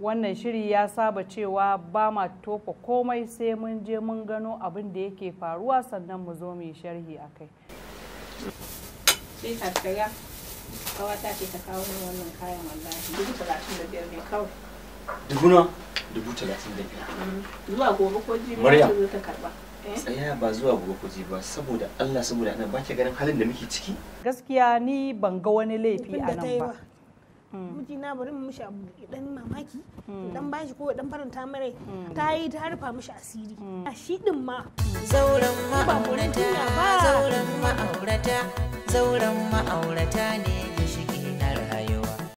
wannan shiri ya saba cewa ba ma tofa komai sai mun je mun gano abin da yake faruwa sannan mu zo mu yi sharhi a kai sai tsaya kawata ce ta kawo min wannan kayan wallahi dubu na dubu talatin da biyar zuwa gobe ko eh? tsaya ba zuwa gobe ba saboda Allah saboda ana ba ke ganin halin da muke ciki gaskiya ni ban ga wani laifi a nan ba Mm. mijina bari mu mishi abu dan mamaki dan mm. bashi ko dan faranta mare mm. ta yi ta harfa mishi asiri a shi din ma zauren ma'aurata zauren ma'aurata zauren ma'aurata ne